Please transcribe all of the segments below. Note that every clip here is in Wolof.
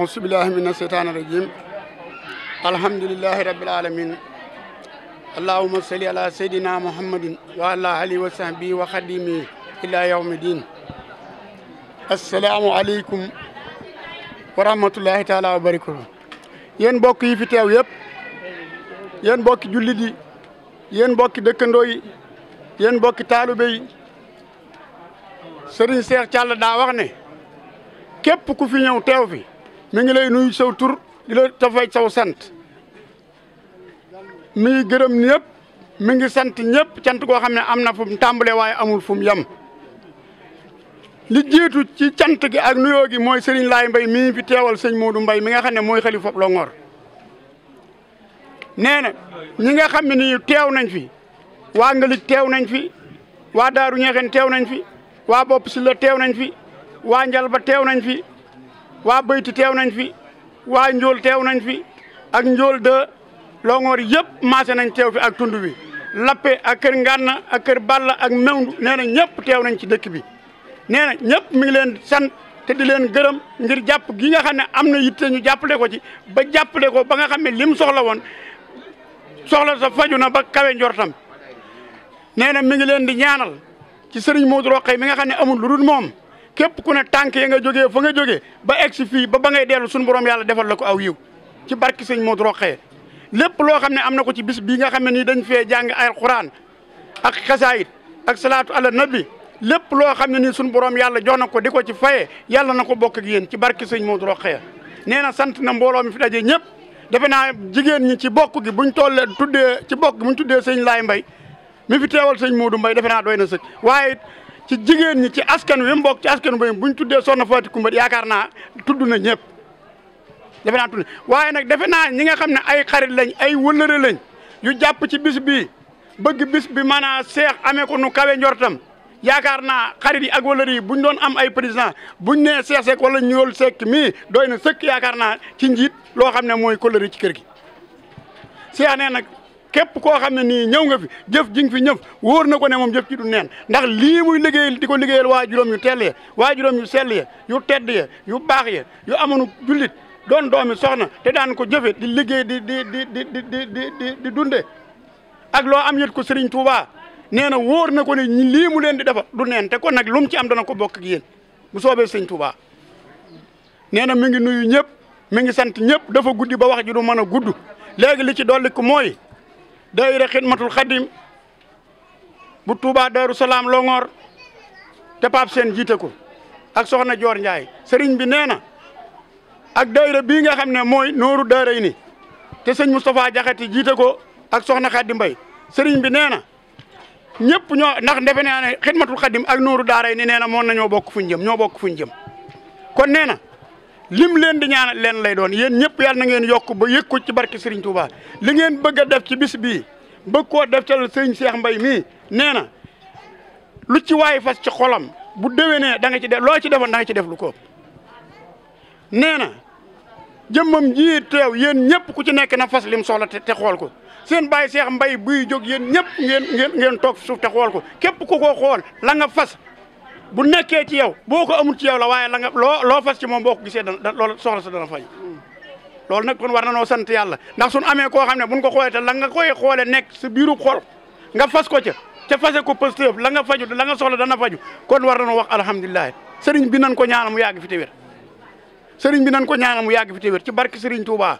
auzu billahi mina alhamdulillahi rabbil alamin allahumma salli ala sayyidina muhammadin wa ala alihi wa sahbihi wa xadimi ila yawmi din assalaamu aleykum wa rahmatullahi taala wa barakatuh yéen mbokk yi fi teew yëpp yéen mbokki jullit yi yéen mbokki dëkkandoo yi yéen mbokki taalibe yi daa wax ne képp ku fi ñëw teew fi mi ngi lay nuy saw tur di la tafay saw sant mi ngi gërëm ñëpp mi ngi sant ñëpp cant goo xam ne am na fu mu waaye amul fu mu yem li jiitu ci cant gi ak nuyoo gi mooy Serigne Laye mbay mi ngi fi teewal sëñ Modou mbay mi nga xam ne mooy xali Longhor nee na ñi nga xam ne teew nañ fi waa Ngalig teew nañ fi waa Daaru Ñeexeen teew nañ fi waa Bopp Silla teew nañ fi waa Njalba teew nañ fi waa Bayti teew nañ fi waa Njool teew nañ fi ak Njool de Longoor yëpp maase nañ teew fi ak tund wi Lappe ak kër Ngànna ak kër Balla ak Mewndu nee na ñëpp teew nañ ci dëkk bi nee na ñëpp mi ngi leen sant te di leen gërëm ngir jàpp gi nga xam ne am na yitte ñu jàppale ko ci ba jàppale ko ba nga xam ne lim soxla woon soxla sa faju na ba kawe njortam nee na mi ngi leen di ñaanal ci sëriñ Modou Rokhaya mi nga xam ne amul lu dul moom képp ku ne tànk ya nga jógee fa nga jógee ba egsi fi ba ba ngay dellu suñu borom yàlla defal la ko aw yiw ci barki sëñ Modou Rokhaya lépp loo xam ne am na ko ci bis bii nga xam ne nii dañ fee jàng ay alxuraan ak xasaayit ak salaatu ala nabi lépp loo xam ne nii suñu borom yàlla jox na ko di ko ci faye yàlla na ko bokk ak yéen ci barki sëñ Modou Rokhaya nee na sant na mbooloo mi fi daje ñëpp defe naa jigéen ñi ci bokk gi buñ tollee tuddee ci bokk gi tuddee sëñ Laay Mbay mi fi teewal sëñ Modou Mbay defe na sëkk ci jigéen ñi ci askan wi mbokk ci askan wi buñ tuddee soxna Faati Kumba yaakaar naa tudd na ñëpp defe naa tudd waaye nag defe naa ñi nga xam ne ay xarit lañ ay wëllëre lañ yu jàpp ci bis bi bëgg bis bi maanaam seex amee ko nu kawe njortam yaakaar naa xarit yi ak wëllëre yi buñ doon am ay président buñ nee seex seek wala ñool seek mii doy na sëkk yaakaar naa ci njiit loo xam ne mooy kóllëre ci kër gi seex nee nag képp koo xam ne nii ñëw nga fi jëf ji fi ñëf wóor na ko ne moom jëf ci du neen ndax lii muy liggéeyal di ko liggéeyal waa juróom yu tell ye waa juróom yu sell ye yu tedd ye yu baax ye yu amoonu jullit doon doomi soxna te daan ko jëfe di liggéey di di di di di di di dunde ak loo am yit ko Serigne Touba nee na wóor na ko ne lii mu leen di defa du neen te kon nag lu mu ci am dana ko bokk ak yéen bu soobee Serigne Touba nee na mi ngi nuyu ñëpp mi ngi sant ñëpp dafa guddi ba wax ji du mën a gudd léegi li ci dolli ko mooy daayira matul xadim bu Touba Darou Salaam Longor te Pape Sène jiite ko ak Soxna Joor Ndiaye sëriñ bi nee na ak daayira bii nga xam ne mooy nooru daara ni te sëñ Moustapha Jaxate jiite ko ak Soxna Xaddi Mbay sëriñ bi nee na ñëpp ñoo ndax defe naa ne xidmatul xadim ak nooru daara yi ni nee na moon na ñoo bokk fuñ jëm ñoo bokk fu ñu jëm kon nee na lim leen di ñaanal leen lay doon yéen ñëpp yàlla na ngeen yokk ba yëg ko ci barke Serigne Touba li ngeen bëgg a def ci bis bii bëgg koo def ca Serigne Cheikh mbay mii nee na lu ci waay fas ci xolam bu déwénee da nga ci def loo ci defoon da ci def lu ko nee na jëmmam ji teew yen ñëpp ku ci nekk na fas lim soxla te xool ko seen bàyyi Cheikh mbay buy jóg yéen ñëpp ngeen ngeen ngeen toog suuf te xool ko képp ku ko xool la nga fas. bu nekkee ci yow boo ko amul ci yow la waaye la nga loo loo fas ci moom boo ko gisee dana loolu soxla sa dana fay loolu nag kon war na noo sant yàlla ndax sun amee koo xam ne buñ ko xoole te langa nga koy xoole nekk sa biiru xol nga fas ko ca ca fase ko pëstëb la nga faju la nga soxla dana faju kon war na noo wax alhamdulilah sëriñ bi nan ko ñaanal mu yàgg fi téwér sëriñ bi nan ko ñaanal mu yàgg fi téwér ci barki sëriñ Touba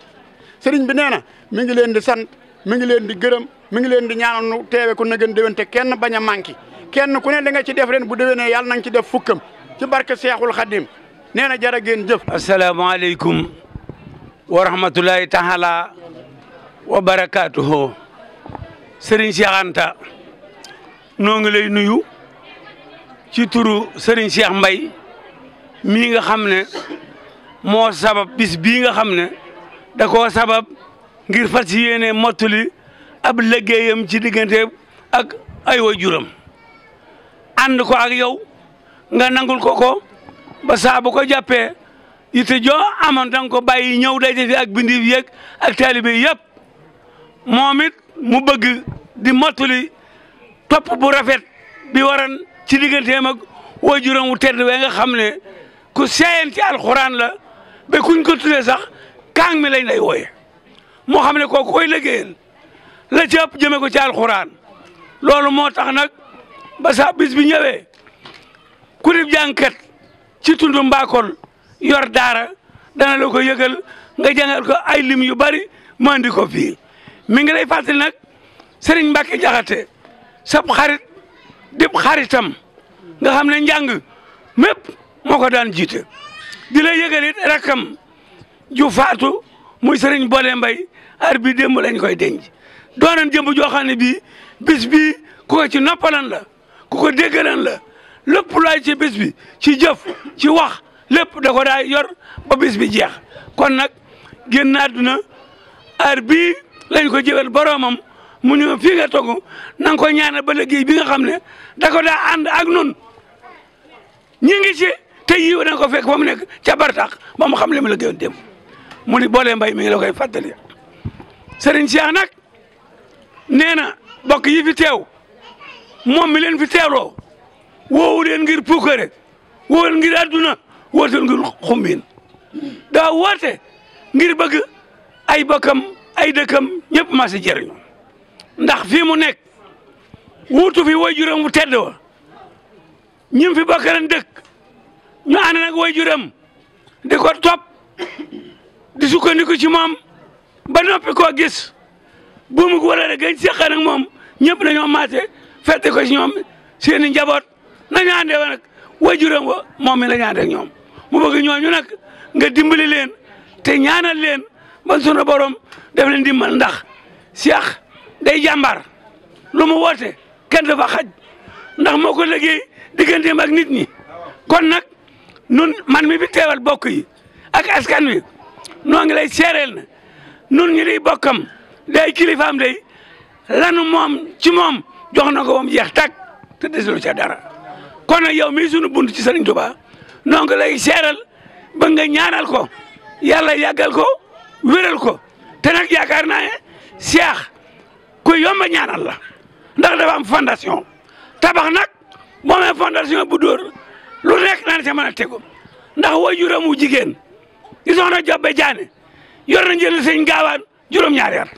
sëriñ bi nee na mi ngi leen di sant mi ngi leen di gërëm mi ngi leen di ñaanal nu teewe ko na gën kenn bañ a manqué kenn ku nen da nga ci def ren bu déwénee yàlla na ci def fukkam ci barke Seexul Xadim nee na jërë ngeen jëf. asalaamaaleykum wa rahmatulahi taala wa barakaatuhu Serigne Cheikh Anta noo ngi lay nuyu ci turu sëriñ Cheikh mbay mii nga xam ne moo sabab bis bii nga xam ne da ko sabab ngir fas yéene mottali ab liggéeyam ci diggante ak ay juram and ko ak yow nga nangul ko ko ba saa bu ko jàppee yitte joo amoon ko bàyyi ñëw daje fi ak bindiif yeeg ak taalibe yëpp moom it mu bëgg di mottuli topp bu rafet bi waran ci digganteem ak waajuram wu tedd wee nga xam ne ku seeyeen ci alxuraan la ba kuñ ko sax kaang mi lañ lay wooye moo xam ne kooku koy liggéeyal la jëme ko ci alxuraan loolu moo tax nag ba saa bis bi ñëwee ku dib jàngkat ci tundu mbaakol yor daara dana la ko yëgal nga jàngal ko ay lim yu bari mandi ko fii mi ngi lay nag Serigne Mbacke Jaxate sab xarit dib xaritam nga xam ne njàng mépp moo ko daan jiite di la yëgalit rakkam ju faatu muy Serigne Boole Mbay ar bi démb lañ koy denc doonan jëmb joo bi ne bii ci noppalan la ku ko déggalan la lépp laay ci bis bi ci jëf ci wax lépp da ko daa yor ba bis bi jeex kon nag génn àdduna ar bi lañ ko jëwal boroomam mu ñëw fii nga toog na nga ko ñaanal ba liggéey bi nga xam ne da ko daa ak nun ñi ngi ci te yiw da nga ko fekk ba mu nekk ca bar bartax ba mu xam li mu liggéeyoon dem mu ni boole mbay mi ngi la koy fàttali Serigne Cheikh nag nee na bokk yi fi teew moom mi leen fi teeloo woowu leen ngir puukare woowu leen ngir adduna woote ngir xumbiin daa woote ngir bëgg ay bokkam ay dëkkam ñëpp ma si jëriñu ndax fii mu nekk wuutu wo waajuram wu tedd wa ñim fi bokkaleen dëkk ñu ànd nag waajuram di ko topp di sukkandiku ci moom ba noppi koo gis buumu ko wala gañ seqan ak moom ñëpp dañoo maase fette ko ci ñoom seen i njaboot nañu àndee ba nag wajuram wa moom mi la ñu àndee ñoom mu bëgg ñooñu nag nga dimbali leen te ñaanal leen ba sunu borom def ndax Cheikh day jàmbaar lu mu woote kenn dafa xaj ndax moo ko liggéey digganteem ak nit ñi kon nag nun man mi bi teewal bokk yi ak askan wi noo ngi lay seereel na nun ñu di bokkam day kilifaam day lanu moom ci moom jox na ko ba mu jeex tàkk te desilu ca dara kon nag yow mii sunu bunt ci Serigne Touba donc lay seeral ba nga ñaanal ko yàlla yàggal ko wéral ko te nag yaakaar naa ne seex ku yomb a ñaanal la ndax dafa am fondation tabax nag boo amee fondation bu dóor lu nekk daan ca mën a tegu ndax waajuram wu jigéen di soxna Jobbe Jaane yor na njëriñ sëñ gaawaan juróom-ñaari at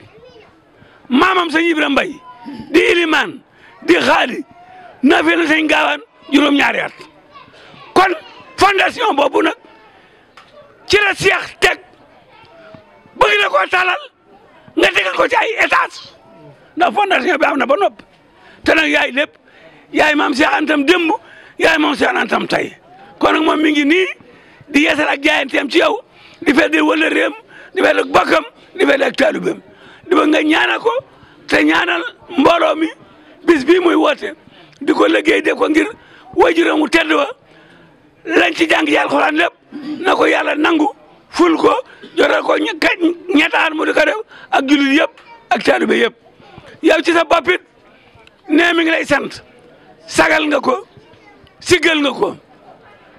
maamam sëñ Ibra Mbay di ilimaan di xaali na fi gaawaan juróom-ñaari at kon fondation boobu nag ci la seex teg bëgg na koo nga tegal ko ci ay étage ndax fondation bi am na ba noppi te nag yaay lépp yaay maam Seex Antam démb yaay moom Seex Antam tey kon nag moom mi ngi nii di yeesal ak jaayanteem ci yow di fedd wëllëreem di fedd ak bokkam di fedd ak taalubeem di bëgg nga ñaanal ko te ñaanal mbooloo mi bis bii muy woote di ko liggéey de ko ngir waajuram wu tedd wa lañ ci jàng yàlla xuraan lépp na ko yàlla nangu ful ko jotal ko ñettaar mu di ko def ak jullit yëpp ak taalibe yëpp yow ci sa bopp it mi ngi lay sant sagal nga ko siggal nga ko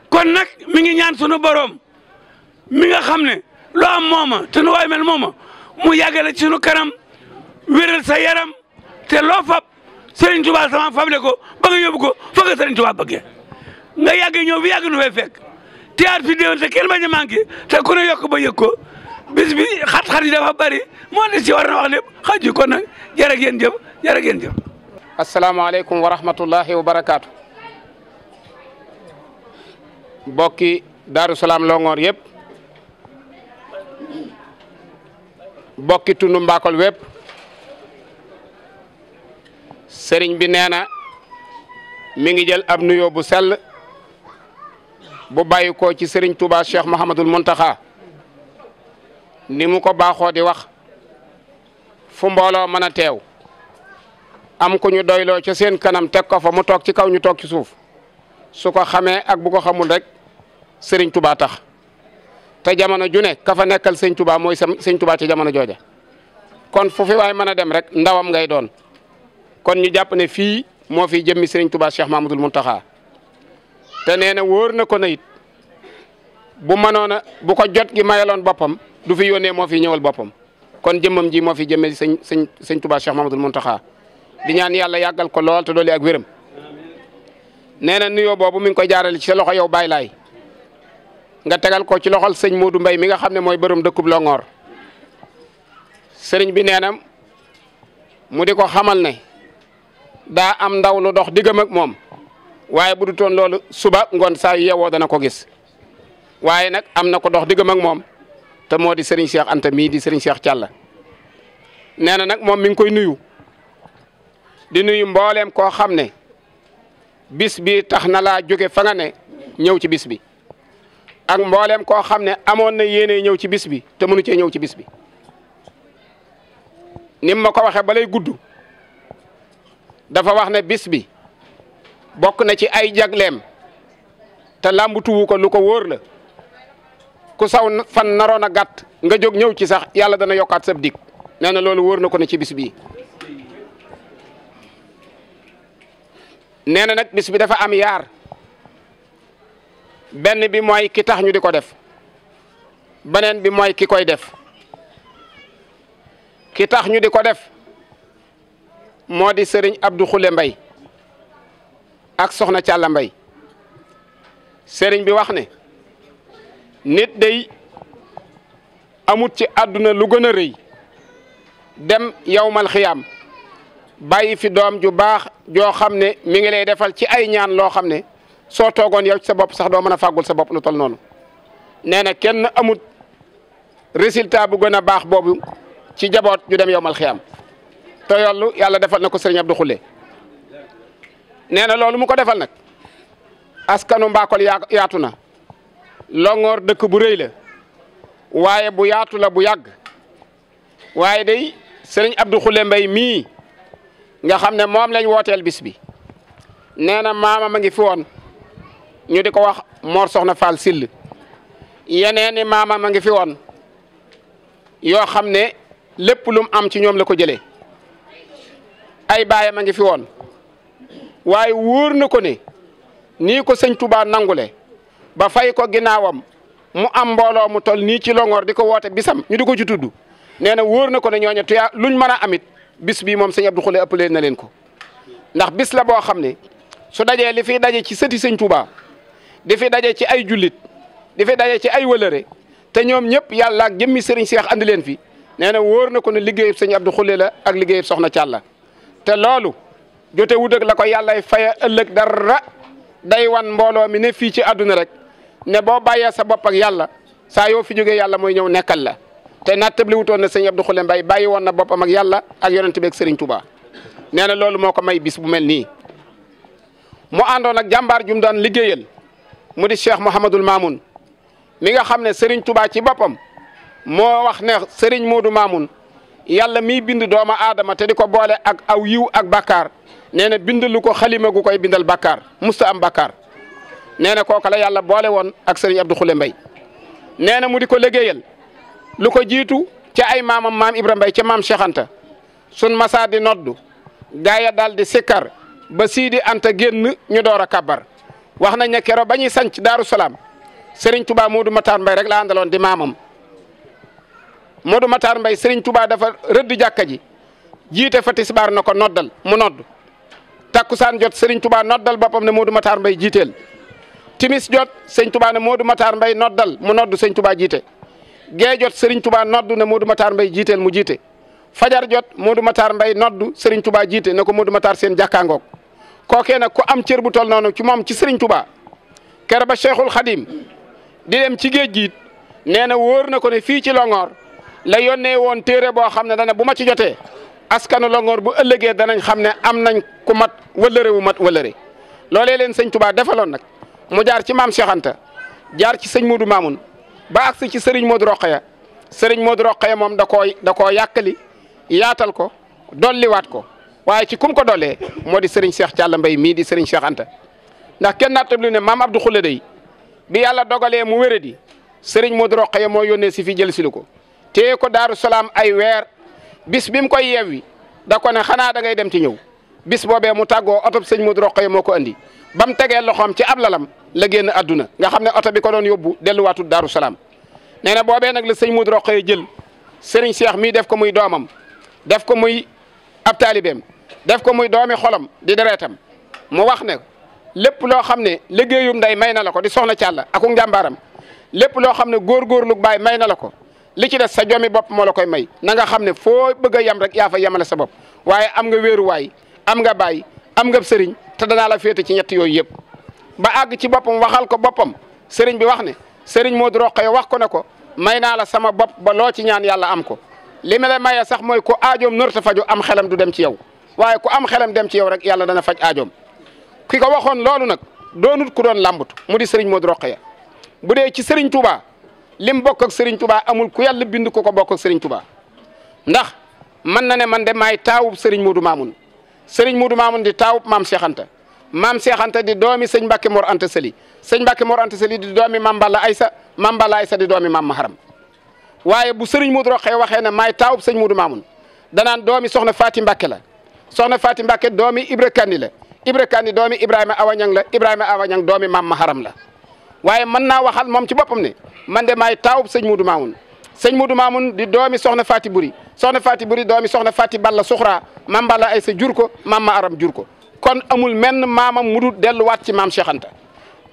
kon nag mi ngi ñaan sunu boroom mi nga xam ne loo am mooma te nu mooma mu yàggale ci sunu kanam wéral sa yaram te loo fab Serigne Touba sama fable ko ba nga yóbbu ko fa nga Serigne Touba bëggee nga yàggee ñëw bi yàgg nu fay fekk théâtre fi déwén te kenn bañ a manqué te ku yokk ba yëg ko bis xat-xat yi dafa bari moo ne si war na wax lépp xaju kon nag jërë ngeen jëf jërë ngeen jëf asalaamaaleykum wa wa barakaatu bokki Daaru Salaam Longoor bokki tundu Mbakol wépp sëriñ bi nee na mi ngi jël ab nuyoo bu sell bu bàyyi ko ci sëriñ Touba Cheikh Mouhamadul Mountakha ni mu ko baaxoo di wax fu mbooloo mën a teew am ku ñu doyloo ca seen kanam teg ko fa mu toog ci kaw ñu toog ci suuf su ko xamee ak bu ko xamul rek sëriñ Touba tax te jamono ju ne ka fa nekkal sëñ Touba mooy sëñ Touba ci jamono jooja kon fu fi waay mën a dem rek ndawam ngay doon. kon ñu jàpp ne fii moo fi jëmmi sëriñ Touba Cheikh Mahmadul taxa te nee na wóor na ko na it bu mënoon a bu ko jot gi mayaloon boppam du fi yónnee moo fi ñëwal boppam kon jëmmam ji moo fi jëmee sëñ sëñ sëñ Touba Cheikh mun Muntaxa di ñaan yàlla yàggal ko lool te doole ak wéram nee na nuyoo boobu mi ngi koy jaarale ci sa loxo yow Baye Laay nga tegal ko ci loxol sëñ Modou mbay mi nga xam ne mooy borom dëkkub Longoor sëriñ bi nee na mu di ko xamal ne. daa am ndaw lu dox diggam mag moom waaye bu du toon loolu suba ngoon saa yeewoo dana ko gis waaye nag am na ko dox diggam mag moom te moo di Serigne Cheikh Anta mii di sëriñ Cheikh Thialla nee na nag moom mi ngi koy nuyu di nuyu mbooleem koo xam ne bis bi tax na laa jóge fa ne ñëw ci bis bi ak mboolem koo xam ne amoon na yéene ñëw ci bis bi te mënu cee ñëw ci bis bi nim ma ko waxee lay gudd. dafa wax ne bis bi bokk na ci ay jagleem te làmbutuwu ko lu ko wóor la ku saw fan naroon a gàtt nga jóg ñëw ci sax yàlla dana yokkaat sab dikk nee na loolu wóor na ko ne ci bis bii nee na nag bis bi dafa am yaar benn bi mooy ki tax ñu di ko def beneen bi mooy ki koy def ki tax ñu di ko def moo di sëriñ Abdou Khoule Mbay ak soxna Càlla Mbay sëriñ bi wax ne nit day amut ci àdduna lu gën a rëy dem yawmal xiyaam bàyyi fi doom ju baax joo xam ne mi ngi lay defal ci ay ñaan loo xam ne soo toogoon yow sa bopp sax doo mën a fàggul sa bopp lu tol noonu nee na kenn amut résultat bu gën a baax boobu ci jaboot ju dem yawmal xiyaam te yollu yàlla defal na ko sëriñ Abdou Khoule nee na loolu mu ko defal nag askanu Mbakol yaa yaatu na Longoor dëkk bu rëy la waaye bu yaatu la bu yàgg waaye day sëriñ Abdou Khoule Mbaye mii nga xam ne moom lañ wooteel bis bi nee na maama ngi fi woon ñu di ko wax Mor Soxna Fall Sill yeneeni maama ngi fi yoo xam ne lépp lum am ci ñoom la ko jëlee ay baayam a ngi fi woon waaye wóor na ko ne nii ko sëñ Touba nangule ba fay ko ginnaawam mu am mbooloo mu tol nii ci Longhor di ko woote bisam ñu di ko ci tudd nee na wóor na ko ne ñooñu tuyaa luñ mën a amit bis bi moom sëñ Abdou Khoule ëppalee na leen ko ndax bis la boo xam ne su dajee li fi daje ci sëti sëñ Touba di fi daje ci ay jullit di fi daje ci ay wëlëre te ñoom ñëpp yàlla ak jëmmi sëriñ Seex andi leen fi nee na wóor na ko ne liggéeyub sëñ Abdou Khoule la ak liggéeyub soxna Thialla te loolu jote wut la ko yàllay faya ëllëg dara day wan mbooloo mi ne fii ci àdduna rek ne boo bàyyee sa bopp ak yàlla saa yoo fi jógee yàlla mooy ñëw nekkal la te nattabli wutoon ne sëñ Abdou Khoule Mbaye bàyyi woon na boppam ak yàlla ak yonent bi ak Serigne Touba nee na loolu moo ko may bis bu mel nii mu àndoon ak jàmbaar jum daan liggéeyal mu di Cheikh Mouhamadul maamun mi nga xam ne Serigne Touba ci boppam moo wax ne Serigne Modou Mamoun yàlla miy bind dooma aadama te di ko boole ak aw yiw ak bàkkaar nee na bindalu ko xalima gu koy bindal bàkkaar musta am bàkkaar nee na kooka yàlla boole woon ak sëriñ Abdou Khoule mbay nee na mu di ko liggéeyal lu ko jiitu ca ay maamam maam Ibra mbay ca maam Cheikh Anta sun masaa di noddu gaaya daal di sikkar ba siidi Anta génn ñu door a kàbbar wax nañ ne keroog ba ñuy sanc Daaru Salaam sëriñ Touba Modou Matar Mbaye rek la àndaloon di maamam. Modou Matar Mbaye Serigne Touba dafa rëdd jàkka ji jiite fa tisbaar na ko noddal mu nodd takkusaan jot Serigne Touba noddal boppam ne Modou Matar Mbaye jiiteel timis jot sëñ Touba ne Modou Matar mbay noddal mu noddu sëñ Touba jiite gee jot Serigne Touba nodd ne Modou Matar mbay jiiteel mu jiite fajar jot Modou Matar mbay noddu Serigne Touba jiite na ko Modou Matar seen jàkkaangoog kookee nag ku am cër bu tol noonu ci moom ci Serigne Touba kere ba Cheikhul Khadim di dem ci géej gi nee na wóor na ko ne fii ci Longhor la yónnee woon téere boo xam ne dana bu ma ci jotee askanu Longoor bu ëllëgee danañ xam ne am nañ ku mat wëllëre wu mat wëllëre loolee leen sëñ Touba defaloon nag mu jaar ci maam Cheikh jaar ci sëñ Modou Mamoun ba agsi ci Serigne Modou Rokhaya Serigne Modou Rokhaya moom da ko da koo yàkkali yaatal ko dolliwaat ko waaye ci kum ko dollee moo di Serigne Cheikh Thialla Mbaye mii di Serigne Cheikh ndax kenn naat naattabli ne maam Abdou Khoule day bi yàlla dogalee mu wéradi Serigne Modou Rokhaya moo yónnee si fi jël si lu ko. téye ko daaru salaam ay weer bis bi mu koy yewwi da ko ne xanaa da ngay dem ci ñëw bis boobee mu tàggoo oto bi sëñ Modou Rokhaya moo ko andi ba mu tegee loxoom ci ab lalam la génn àdduna nga xam ne oto bi ko doon yóbbu delluwaatul daaru salaam nee na boobee nag la sëñ Modou Rokhaya jël sëriñ Cheikh mii def ko muy doomam def ko muy ab def ko muy doomi xolam di dereetam mu wax ne lépp loo xam ne liggéeyum nday may na la ko di soxna Thialla aku njàmbaaram lépp loo xam ne góorgóorlu baay may na la ko li ci des sa joomi bopp moo la koy may na nga xam ne foo bëgg a yem rek yaa fa yemale sa bopp waaye am nga wéeruwaay am nga baay am nga sëriñ te danaa la féete ci ñetti yooyu yëpp ba àgg ci boppam waxal ko boppam sëriñ bi wax ne sëriñ Modou Rokhaya wax ko ne ko may naa la sama bopp ba loo ci ñaan yàlla am ko li ma la mayee sax mooy ku aajoom norta faju am xelam du dem ci yow waaye ku am xelam dem ci yow rek yàlla dana faj aajoom ki ko waxoon loolu nag doonut ku doon lambut mu di sëriñ Modou Rokhaya bu lim bokk ak Serigne Touba amul ku yàlla bind ko ko bokk ak Serigne Touba ndax man na ne man de maay taawub Serigne Modou Mamoun Serigne Modou Mamoun di taawub maam Cheikh Anta maam Cheikh Anta di doomi sëñ Mbacke Mor Anta Sali sëñ Mbacke Mor Anta Sali di doomi maam Balla Aysa maam Balla Aysa di doomi maam Maharam waaye bu Serigne Modou Rokhaya waxee ne maay taawub sëñ Modou Mamoun danaan doomi soxna Faati mbakke la soxna Faati Mbacke doomi Ibra Kandi la Ibra Kandi doomi Ibrahima Awañang la Ibrahima Awañang doomi maam Maharam la. waaye mën naa waxal moom ci boppam ne man de maay taawub sëñ Modou Mamoun sëñ Modou Mamoun di doomi soxna Fati Buri soxna Fati Buri doomi soxna Fati Balla Suxra mam Balla ay sa jur ko mam ma aram jur ko kon amul menn maamam mu du delluwaat ci maam Cheikh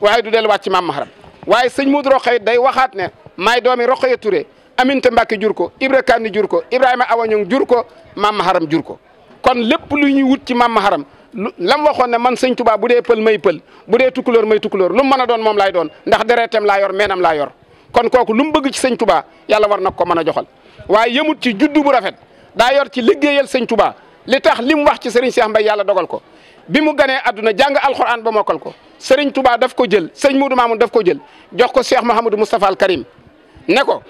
waaye du delluwaat ci maam Maharam waaye sëñ Modou Rokhaya day waxaat ne maay doomi Rokhaya Touré Aminta Mbacke jur ko Ibra jur ko Ibrahima Awañong jur ko mam Maharam jur ko kon lépp lu ñuy wut ci mam Maharam lam waxoon ne man sëñ Tuubaa bu dee pël may pël bu dee tukulóor may tukulóor lu mu mën a doon moom laay doon ndax dereetam laa yor meenam laa yor kon kooku lu mu bëgg ci sëñ Tuubaa yàlla war na ko mën a joxal waaye yëmut ci juddu bu rafet daa yor ci liggéeyal sëñ Tuubaa li tax li mu wax ci Serigne Cheikh Mbaye yàlla dogal ko bi mu ganee àdduna jàng alxuraan ba mokkal ko Serigne Touba daf ko jël sëñ Moudou mun daf ko jël jox ko Cheikh Mouhamadou Moustapha al Karim ne ko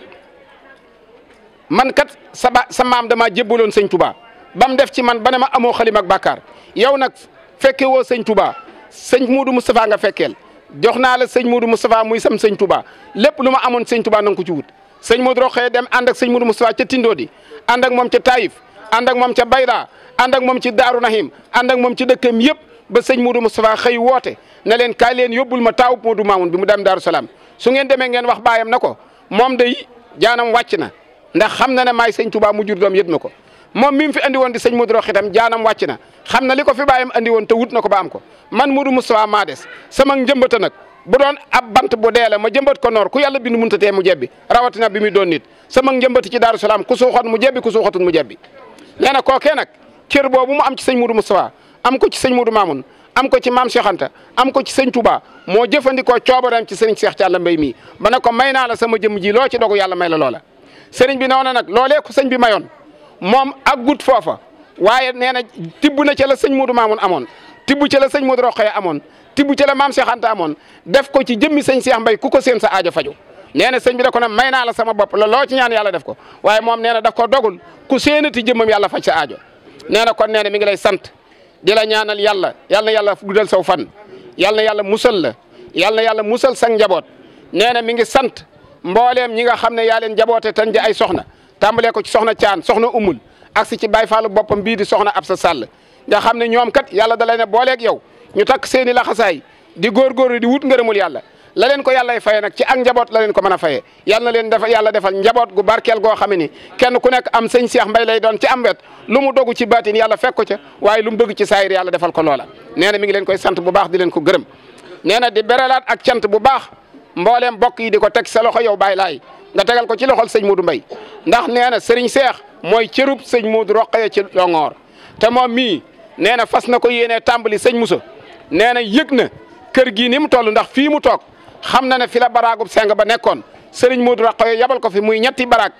man kat sa ba sa maam damaa jébbaloon sëñ Touba ba mu def ci man bane ma amoo xalimak ak bàkkaar yow nag fekke woo sëñ Touba sëñ Muudu Moustapha nga fekkeel jox naa la sëñ Muudu Moustapha muy sam sëñ Touba lépp lu ma amoon sëñ Touba na nga ko ci wut sëñ Muudu Roxaya dem ànd ak sëñ Muudu Moustapha ca Tindo di ànd moom ca Taïf ànd ak moom ca Bayda ànd ak moom ci Daaru Nahim ànd ak moom ci dëkkam yëpp ba sëñ Muudu Moustapha xëy woote na leen kaay leen yóbbul ma taawub Muudu Maamun bi mu dem Daaru Salaam su ngeen demee ngeen wax baayam na ko moom day jaanam wàcc na ndax xam na ne maay sëñ mu jur doom yët na ko moom mi mu fi andi woon di sëñ Modou Rox itam jaanam wàcc na xam na li ko fi baayam andi woon te wut na ko ba am ko man Modou Moustapha maa des sama njëmbata nag bu doon a bant bu dee ma jëmbat ko noor ku yàlla bind munta tee mu jebbi rawatina bi muy doon nit sama njëmbati ci Daaru Salaam ku suuxoon mu jebbi ku suuxatul mu jebbi nee na kookee nag cër boobu mu am ci sëñ Modou Moustapha am ko ci sëñ Modou am ko ci maam Cheikh am ko ci sëñ Touba moo jëfandikoo coobaram ci sëriñ Cheikh Thialla Mbaye mii ba ne ko may naa la sama jëmm ji loo ci dogu yàlla may la loola sëriñ bi noona nag loolee ku sëñ bi mayoon moom aggut foofa waaye nee na tibb na ca la sëñ Modou Mamoun amoon tibb ca la sëñ Modou Rokhaya amoon tibb ca la maam Cheikh Anta amoon def ko ci jëmmi sëñ Cheikh mbay ku ko seen sa aajo faju nee na sëñ bi da ko ne may naa la sama bopp la loo ci ñaan yàlla def ko waaye moom nee na daf ko dogul ku séenati jëmmam yàlla faj sa aajo nee na kon nee na mi ngi lay sant di la ñaanal yàlla yàlla na yàlla guddal saw fan yàlla na yàlla musal la yàlla na yàlla musal sang njaboot nee na mi ngi sant mbooleem ñi nga xam ne yaa leen jaboote tan ja ay soxna tàmbalee ko ci soxna caan soxna umul ak ci Baye Fallu boppa bii di soxna Absa Sall nga xam ne ñoom kat yàlla da leen a booleeg yow ñu takk seeni laxasaay di góorgóorlu di wut ngërëmul yàlla la leen ko yàllay faye nag ci ak njaboot la leen ko mën a faye yàlla na yàlla defal njaboot gu barkeel goo xam ni kenn ku nekk am sëñ Seex Mbay lay doon ci am wet lu mu dogu ci baatin yàlla fekk ko ca waaye lu bëgg ci saayir yàlla defal ko loola nee na mi ngi leen koy sant bu baax di leen ko gërëm nee na di beralaat ak cant bu baax mbooleem bokk yi di ko teg sa loxo yow Baye Laay nga tegal ko ci loxol sëñ Modou Mbaye ndax nee na sëriñ Seex mooy cërub sëñ Modou Roqaya ci Longoor te moom mii nee na fas na ko yéenee tàmbali sëñ musa nee na yëg na kër gii ni mu toll ndax fii mu toog xam na ne fi la baraagub seng ba nekkoon sëriñ Modou Roqaya yabal ko fi muy ñetti baraag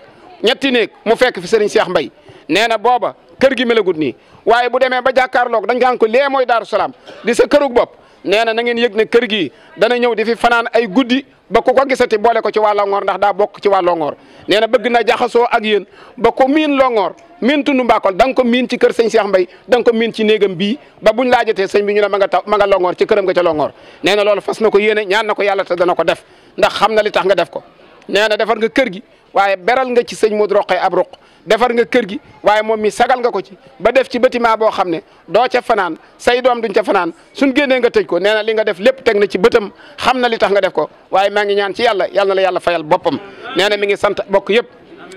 ñetti néeg mu fekk fi sëriñ Seex mbay nee na booba kër gi melagut nii waaye bu demee ba jàkkaarloog dañ gaan ko lee mooy Daaru Salaam di sa kërug bopp nee na na ngeen yëg ne kër gi dana ñëw di fi fanaan ay guddi ba ku ko gisati boole ko ci waa Longhor ndax daa bokk ci waa Longhor nee na bëgg na jaxasoo ak yéen ba ko miin Longhor miin tundu Mbakol da ko miin ci kër sëñ Cheikh mbay da nga ko miin ci néegam bii ba buñ laajatee sëñ bi ñu ne ma nga taw ma nga ci këram nga ca longoor nee na loolu fas na ko yéene ñaan ko yàlla te dana ko def ndax xam na li tax nga def ko nee na defar nga kër gi waaye beral nga ci sëñ Modou Rokhaya ab ruq defar nga kër gi waaye moom mi sagal nga ko ci ba def ci bâtiment boo xam ne doo ca fanaan say doom duñ ca fanaan suñ génnee nga tëj ko nee na li nga def lépp teg na ci bëtam xam na li tax nga def ko waaye maa ngi ñaan ci yàlla yàlla na la yàlla fayal boppam nee na mi ngi sant bokk yëpp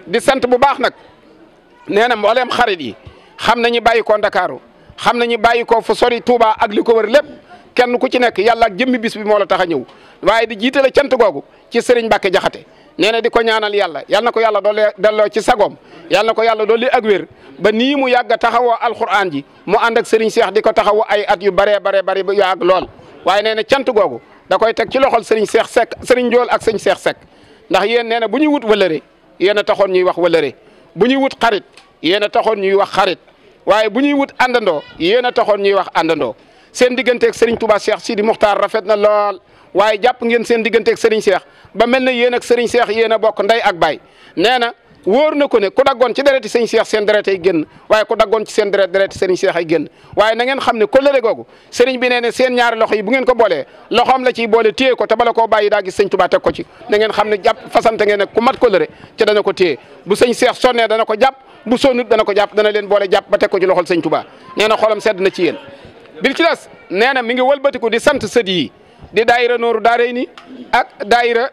di sant bu baax nag nee na mbooleem xarit yi xam nañu bàyyi koo Ndakaaru xam nañu bàyyi koo fu sori Touba ak li ko war lépp kenn ku ci nekk yàlla ak jëmmi bis bi moo la tax a ñëw waaye di jiitale cant googu ci Serigne Mbacke Jaxate nee na di ko ñaanal yàlla yal na ko yàlla doole delloo ci sagoom yal ko yàlla doole ak wér ba nii mu yàgg a taxawoo alxuraan ji mu ànd ak Serigne Cheikh di ko taxawu ay at yu baree baree bari yu ak lool waaye nee na cant googu da koy teg ci loxol Serigne Cheikh Seck Serigne Ndiol ak sëñ seex Seck ndax yéen nee na bu ñuy wut wëlëre yéen a taxoon ñuy wax wëlëre bu ñuy wut xarit yéen a taxoon ñuy wax xarit waaye bu ñuy wut àndandoo yéen a taxoon ñuy wax àndandoo seen digganteeg Serigne Touba Cheikh Sidi Mokhtar rafet na lool waaye jàpp ngeen seen digganteeg Serigne Cheikh ba mel ne yéen ak Serigne Cheikh yéen a bokk ndey ak baay nee na wóor na ko ne ku daggoon ci dereti Serigne Cheikh seen deret ay génn waaye ku daggoon ci seen deret dereti Serigne Cheikh ay génn waaye na ngeen ne kóllëre googu Serigne bi nee seen ñaari loxo yi bu ngeen ko boolee loxoom la ciy boole téye ko te bala koo bàyyi daa gis Serigne Touba teg ko ci na ngeen xam ne jàpp fasante ngeen nag ku mat kóllëre ci dana ko téye bu Serigne Cheikh sonnee dana ko jàpp bu sonnut dana ko jàpp dana leen boole jàpp ba teg ko ci loxol Serigne Touba nee na sedd na ci yéen bi ci nee na mi ngi wëlbatiku di sant sët yi di daayira nooru daarey ni ak daayira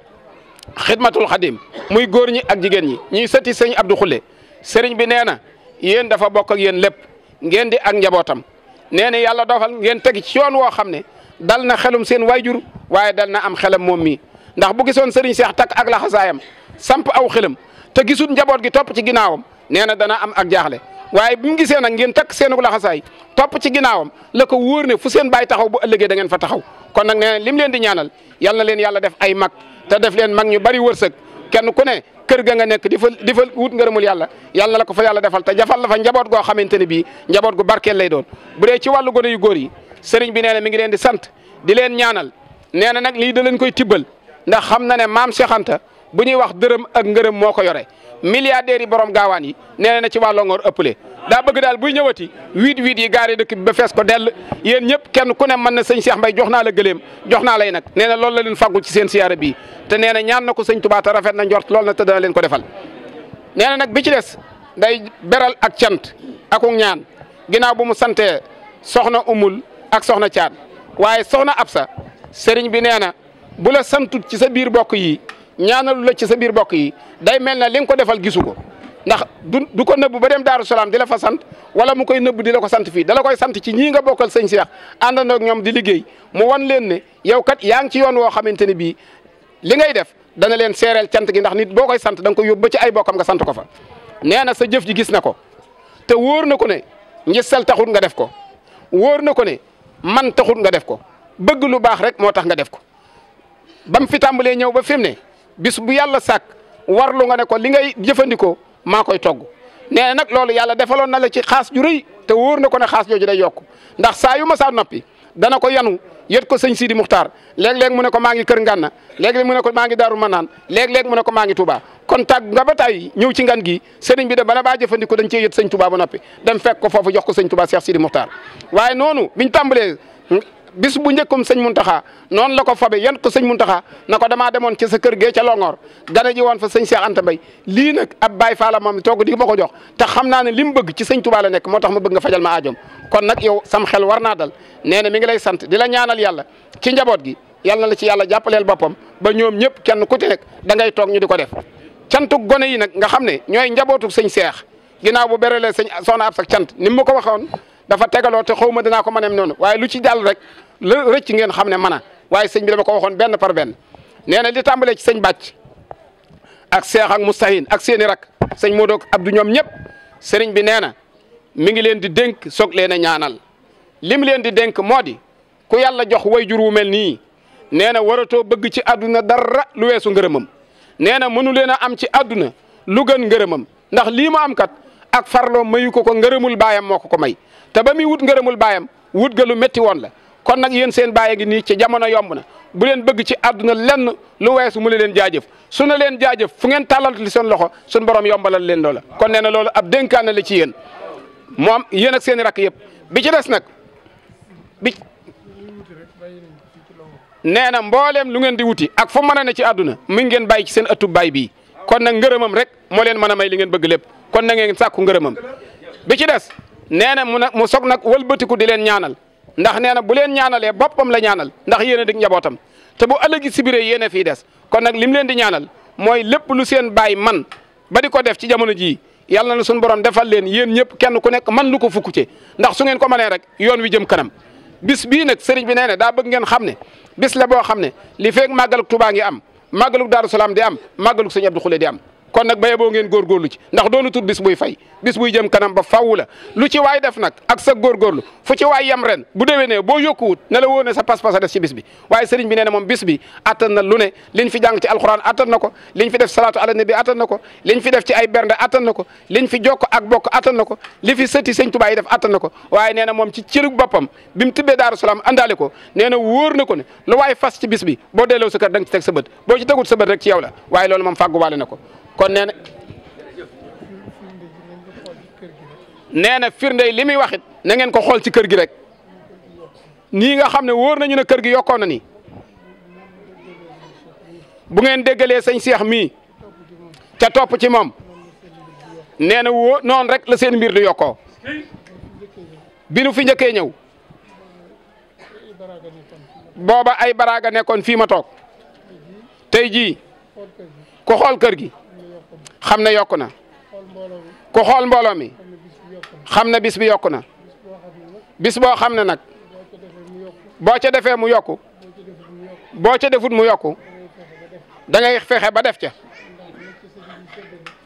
xidmatul xadim muy góor ñi ak jigéen ñi ñuy sëti sëñ Abdou Xulle sëriñ bi nee na yéen dafa bokk ak yéen lépp ngeen di ak njabootam nee na yàlla dofal ngeen teg ci yoon woo xam ne dal na xelum seen waajur waaye dal na am xelam moom mi ndax bu gisoon sëriñ seex tak ak yam samp aw xelam te gisul njaboot gi topp ci ginnaawam nee na dana am ak jaaxle waaye bi mu gisee nag ngeen takk seen laxasaay topp ci ginnaawam la ko wóor ne fu seen baay taxaw bu ëllëgee da ngeen fa taxaw kon nag nee na lim leen di ñaanal yal leen yàlla def ay mag te def leen mag ñu bari wërsëg kenn ku ne kër ga nga nekk di fa di fa wut ngërëmul yàlla yal na la ko fa yàlla defal te jafal la fa njaboot goo xamante ne bii njaboot gu barkeel lay doon bu dee ci wàllu gone yu góor yi sëriñ bi nee na mi ngi leen di sant di leen ñaanal nee na nag lii da leen koy tibbal ndax xam na ne maam Cheikh bu ñuy wax dërëm ak ngërëm moo ko yore milliardaires yi borom gaawaan yi nee na ci wàllu ngoor ëppale daa bëgg daal buy ñëwati huit huit yi gaare dëkk bi ba fees ko dell yéen ñëpp kenn ku ne mën na sëñ Cheikh Mbaye jox naa la gëléem jox naa lay nag nee na loolu la leen fàggu ci seen siyaara bii te nee na ñaan na ko sëñ Tuubaa te rafet na njort loolu na te dana leen ko defal nee nag bi ci des day beral ak cant akuk ñaan ginnaaw bu mu santee soxna umul ak soxna caat waaye soxna Absa sëriñ bi nee na bu la santut ci sa biir bokk yi ñaanalu la ci sa biir bokk yi day mel na li nga ko defal gisu ko ndax du du ko nëbb ba dem Daaru Salaam di la fa sant wala mu koy nëbb di la ko sant fii dala koy sant ci ñii nga bokkal sëñ Seex àndandoo ak ñoom di liggéey mu wan leen ne yow kat yaa ngi ci yoon woo xamante ne bii li ngay def dana leen seereel cant gi ndax nit boo koy sant danga ko koy ba ci ay bokkam nga sant ko fa. nee na sa jëf ji gis na ko te wóor na ko ne njësal taxul nga def ko wóor na ko ne man taxul nga def ko bëgg lu baax rek moo tax def ko bam fi tàmbalee ñëw ba fi ne. bis bu yàlla sàkk warlu nga ne ko li ngay jëfandikoo maa koy togg nee na loolu yàlla defaloon na la ci xaas ju rëy te wóor na ko ne xaas jooju day yokk ndax saa yu ma saa noppi dana ko yanu yët ko sëñ Sidi Muxtaar léeg-léeg mu ne ko maa ngi Kër nganna léeg-léeg mu ne ko maa ngi Daaru Manaan léeg-léeg mu ne ko maa ngi Touba kon tàgg nga ba tàyyi ñëw ci ngan gi sëriñ bi de bala baa jëfandikoo dañ cee yët sëñ Touba ba noppi dem fekk ko foofu jox ko sëñ Touba Cheikh Sidi bis bu njëkkum mun Muntaxa noonu la ko fabe yan ko sëñ Muntaxa na ko damaa demoon ci sa kër gee ca Longoor gane ji woon fa sëñ Cheikh Anta Mbay lii nag ab Baay Faal la moom toog di ma ko jox te xam naa ne li mu bëgg ci sëñ Tuubaa nekk moo tax ma bëgg nga fajal ma aajoom kon nag yow sam xel war naa dal nee na mi ngi lay sant di la ñaanal yàlla ci njaboot gi yàlla la ci yàlla jàppaleel boppam ba ñoom ñëpp kenn ku ci nekk da toog ñu di ko def cantuk gone yi nag nga xam ne ñooy njabootuk sëñ Cheikh ginnaaw bu berelee sëñ soxna ab sax cant ni mu ma ko waxoon dafa tegaloo te xaw ma dinaa ko mëneem noonu waaye lu ci jàll rek la rëcc ngeen xam ne mën a waaye sëñ bi dama ko waxoon benn par benn nee na li tàmbalee ci sëñ bàcc ak seex mu mustahin ak seeni rak sëñ Modou ab Abdou ñoom ñëpp sëriñ bi nee na mi ngi leen di dénk soog leen a ñaanal lim leen di dénk moo di ku yàlla jox wayjur wu mel nii nee na waratoo bëgg ci àdduna dara lu weesu ngërëmam nee na mënu leen a am ci àdduna lu gën ngërëmam ndax lii mu am kat ak loo mayu ko ko ngërëmul baayam moo ko ko may te ba muy wut ngërëmul baayam wut ga lu la kon nag yéen seen bàyyi ngi nii ci jamono yomb na bu leen bëgg ci àdduna lenn lu weesu mu ne leen jaajëf su ne leen jaajëf fu ngeen tàllalti seen loxo suñu borom yombalal leen loola kon nee na ab dénkaane la ci yéen moom yéen ak seen i rakk yëpp bi ci des nag bi na mbooleem lu ngeen di wuti ak fu mën a ne ci àdduna mi ngeen bay ci seen ëttub baay bii kon nag ngërëmam rek moo leen mën a may li ngeen bëgg lépp kon na ngeen sàkku ngërëmam bi ci des nee na mu nag mu soog nag wëlbatiku di leen ñaanal ndax nee na bu leen ñaanalee boppam la ñaanal ndax yéen a dig njabootam te bu ëllëgi sibiree yéen a fii des kon nag lim leen di ñaanal mooy lépp lu seen baay man ba di ko def ci jamono jii yàlla na suñu borom defal leen yéen ñëpp kenn ku nekk man lu ko fukk ci ndax su ngeen ko mënee rek yoon wi jëm kanam bis bii nag sëriñ bi nee na daa bëgg ngeen xam ne bis la boo xam ne li feeg màggaluk Tuubaa ngi am màggaluk Daaru Salaam di am màggaluk sëñ Abdou Khoulé di am kon nag béye boo ngeen góorgóorlu ci ndax doonu tut bis buy fay bis buy jëm kanam ba faww la lu ci waay def nag ak sa góorgóorlu fu ci waay yem ren bu déwénee boo yokkuwut ne la wóone sa pas-pas a def ci bis bi waaye sëriñ bi nee na moom bis bi attan na lu ne liñ fi jàng ci alxuraan attan na ko liñ fi def salaatu ala nabi attan na ko liñ fi def ci ay bernde attan na ko liñ fi jokk ak bokk attan na ko li fi sëti sëñ Tuubaa yi def attan na ko waaye nee na moom ci cërug boppam bi mu tibbee Daaru Salaam àndaale ko nee na wóor na ko ne lu waay fas ci bis bi boo delloo sa kër da ci teg sa bët boo ci tegut sa bët rek ci yow la waaye loolu moom fàgguwaale na ko kon nee na nee na firnde yi li muy wax it ko xool ci kër gi rek nii nga xam ne wóor nañu ne kër gi yokkoo na ni bu ngeen déggalee sëñ Cheikh mii ca topp ci moom nee na woo noonu rek la seen mbir di yokkoo bi nu fi njëkkee ñëw booba ay baraaga nekkoon fii ma toog tey jii ku xool kër gi. xam ne yokku na ku xool mbooloo mi xam ne bis bi yokku na bis boo xam ne nag boo ca defee mu yokku boo ca defut mu yokku dangay fexe ba def ca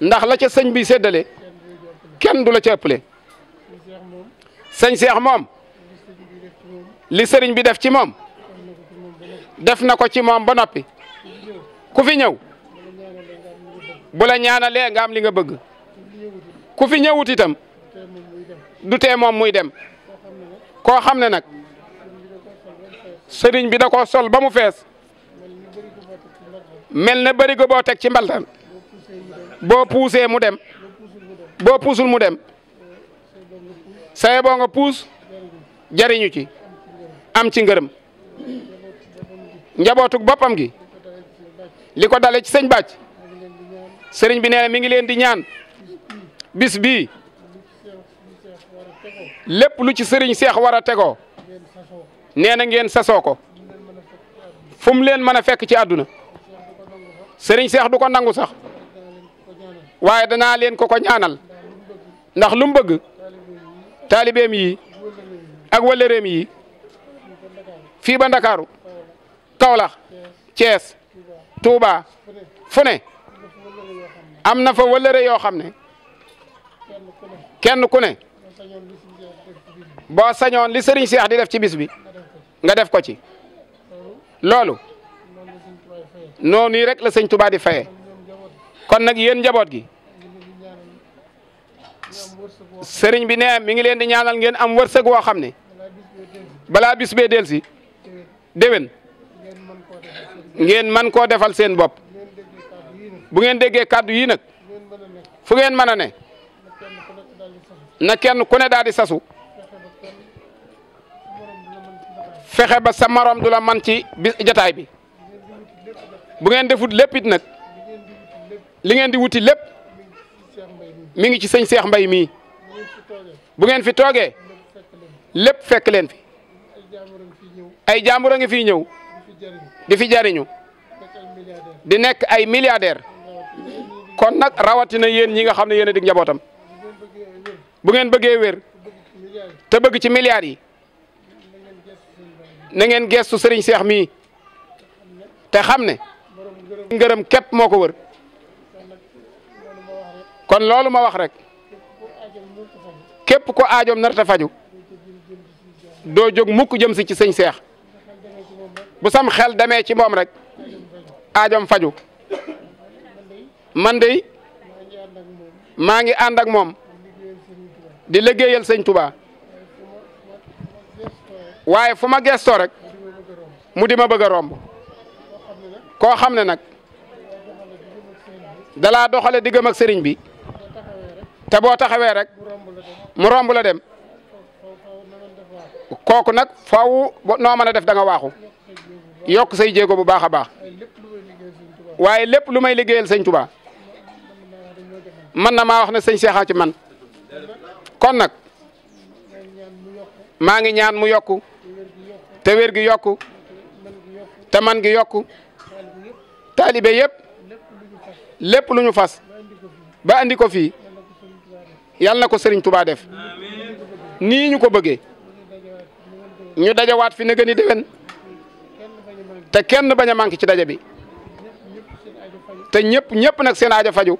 ndax la ca sëñ bi séddale kenn du la ca ëppale sëñ Seex moom li sëriñ bi def ci moom def na ko ci moom ba noppi ku fi ñëw bu la ñaanalee nga am li nga bëgg ku fi ñëwut itam du tee moom muy dem koo xam ne nag sëriñ bi da koo sol ba mu fees mel na bërigo boo teg ci mbaltan boo puusee mu dem boo puusul mu dem saye boo nga puus jariñu ci am ci ngërëm njabootug boppam gi li ko dale ci sëñ bàcc sëriñ bi nee na mi ngi leen di ñaan bis bii lépp lu ci sëriñ seex war a tegoo nee na ngeen sasoo ko fu leen mën a fekk ci àdduna sëriñ seex du ko nangu sax waaye danaa leen ko ko ñaanal ndax lu bëgg taalibeem yi ak wëllëreem yi fii ba Ndakaaru Kaolack Thiès Touba fu am na fa yoo xam ne kenn ku ne boo sañoon li sëriñ Seex di def ci bis bi nga def ko ci loolu noonu yi rek la sëñ Tuubaa di faye kon nag yéen njaboot gi sëriñ bi ne mi ngi leen di ñaanal ngeen am wërsëg woo xam ne balaa bis bee delsi déwén ngeen man koo defal seen bopp bu ngeen déggee kàddu yi nag fu ngeen mën a ne na kenn ku ne daal di sasu fexe ba sa morom du la man ci jataay bi bu ngeen defut lépp it nag li ngeen di wuti lépp mi ngi ci sëñ Seex Mbay mii bu ngeen fi toogee lépp fekk leen fi ay jàmbur a ngi fi ñëw di fi jariñu di nekk ay milliardaire kon nag rawatina yéen ñi nga xam ne yéen a dig njabootam bu ngeen bëggee wér te bëgg ci milliar yi na ngeen geestu Serigne seex mii te xam ne ngërëm képp moo ko wër kon loolu ma wax rek képp ko aajoom narta faju doo jóg mukk jëm si ci sëñ Cheikh bu sam xel demee ci moom rek aajoom faju man de maa ngi ànd ak moom di liggéeyal sëñ Touba waaye fu ma geestoo rek mu di ma bëgg a romb koo xam ne nag dalaa doxale diggam ak sëriñ bi te boo taxawee rek mu romb la dem kooku nag faaw noo mën a def danga waaxu yokk say jéego bu baax a baax waaye lépp lu may liggéeyal sëñ Touba. man na maa wax ne sëñ Seexa ci man kon nag maa ngi ñaan mu yokku te wér gi yokku te man gi yokku taalibe yëpp lépp lu ñu fas ba andi ko fii yàlla na ko sëriñ Tuubaa def nii ñu ko bëggee ñu dajawaat fi na gën te kenn bañ a manqué ci daja bi te ñëpp ñëpp nag seen aajo faju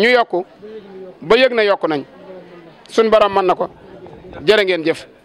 ñu yokku ba yëg na yokku nañ suñ borom mën na ko jërë ngeen jëf.